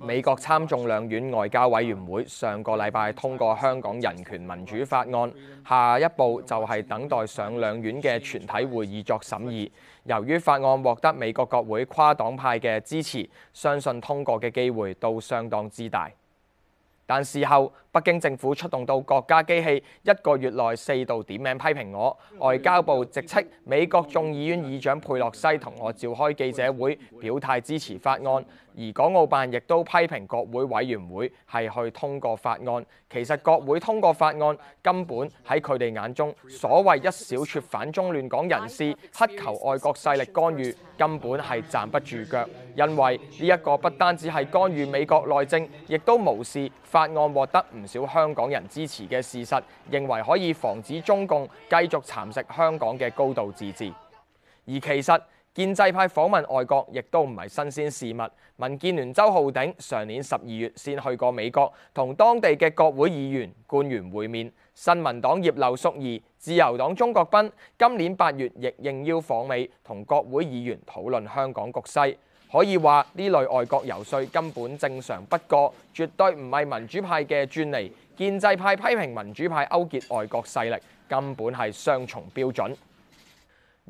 美國參眾兩院外交委員會上個禮拜通過香港人權民主法案，下一步就係等待上兩院嘅全體會議作審議。由於法案獲得美國國會跨黨派嘅支持，相信通過嘅機會都相當之大。但事後，北京政府出動到國家機器，一個月內四度點名批評我。外交部直斥美國眾議院議長佩洛西同我召開記者會，表態支持法案。而港澳辦亦都批評國會委員會係去通過法案，其實國會通過法案根本喺佢哋眼中所謂一小撮反中亂港人士乞求外國勢力干預，根本係站不住腳。因為呢一個不單止係干預美國內政，亦都無視法案獲得唔少香港人支持嘅事實，認為可以防止中共繼續蠶食香港嘅高度自治。而其實，建制派訪問外國亦都唔係新鮮事物。民建聯周浩鼎上年十二月先去過美國，同當地嘅國會議員、官員會面。新民黨葉劉淑儀、自由黨鐘國斌今年八月亦應邀訪美，同國會議員討論香港局勢。可以話呢類外國遊說根本正常不過，絕對唔係民主派嘅專利。建制派批評民主派勾結外國勢力，根本係雙重標準。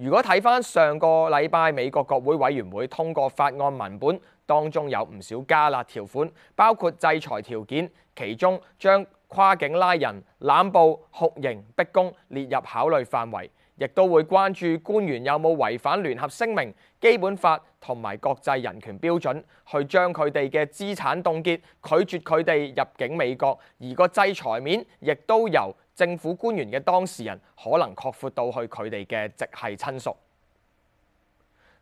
如果睇返上個禮拜美國國會委員會通過法案文本，當中有唔少加勒條款，包括制裁條件，其中將跨境拉人、濫捕、酷刑、逼供列入考慮範圍。亦都會關注官員有冇違反聯合聲明、基本法同埋國際人權標準，去將佢哋嘅資產凍結，拒絕佢哋入境美國。而個制裁面亦都由政府官員嘅當事人可能擴闊到去佢哋嘅直系親屬。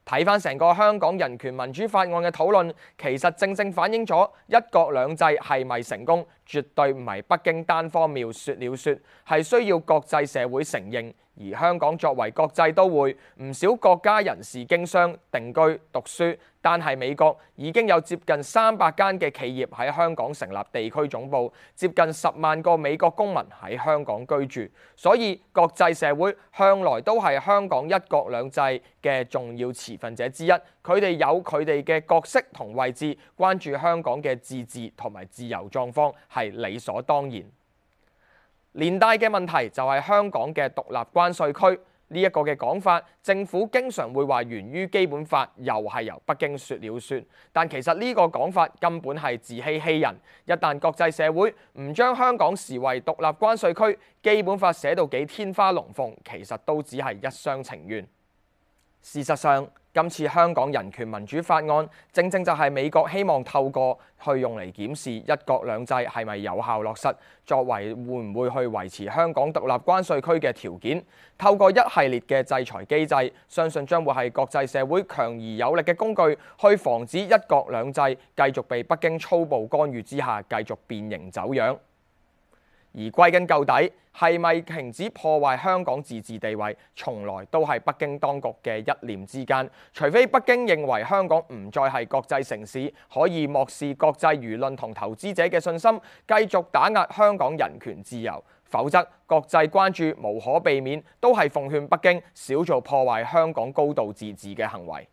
睇翻成個香港人權民主法案嘅討論，其實正正反映咗一國兩制係咪成功？絕對唔係北京單方面説了説，係需要國際社會承認。而香港作為國際都會，唔少國家人士經商、定居、讀書。但係美國已經有接近三百間嘅企業喺香港成立地區總部，接近十萬個美國公民喺香港居住。所以國際社會向來都係香港一國兩制嘅重要持份者之一，佢哋有佢哋嘅角色同位置，關注香港嘅自治同埋自由狀況。係理所當然。連帶嘅問題就係香港嘅獨立關稅區呢一個嘅講法，政府經常會話源於基本法，又係由北京說了算。但其實呢個講法根本係自欺欺人。一旦國際社會唔將香港視為獨立關稅區，基本法寫到幾天花龍鳳，其實都只係一廂情願。事實上，今次香港人權民主法案，正正就係美國希望透過去用嚟檢視一國兩制係咪有效落實，作為會唔會去維持香港獨立關稅區嘅條件。透過一系列嘅制裁機制，相信將會係國際社會強而有力嘅工具，去防止一國兩制繼續被北京粗暴干預之下繼續變形走樣。而歸根究底，係咪停止破壞香港自治地位，從來都係北京當局嘅一念之間。除非北京認為香港唔再係國際城市，可以漠視國際輿論同投資者嘅信心，繼續打壓香港人權自由，否則國際關注無可避免，都係奉勸北京少做破壞香港高度自治嘅行為。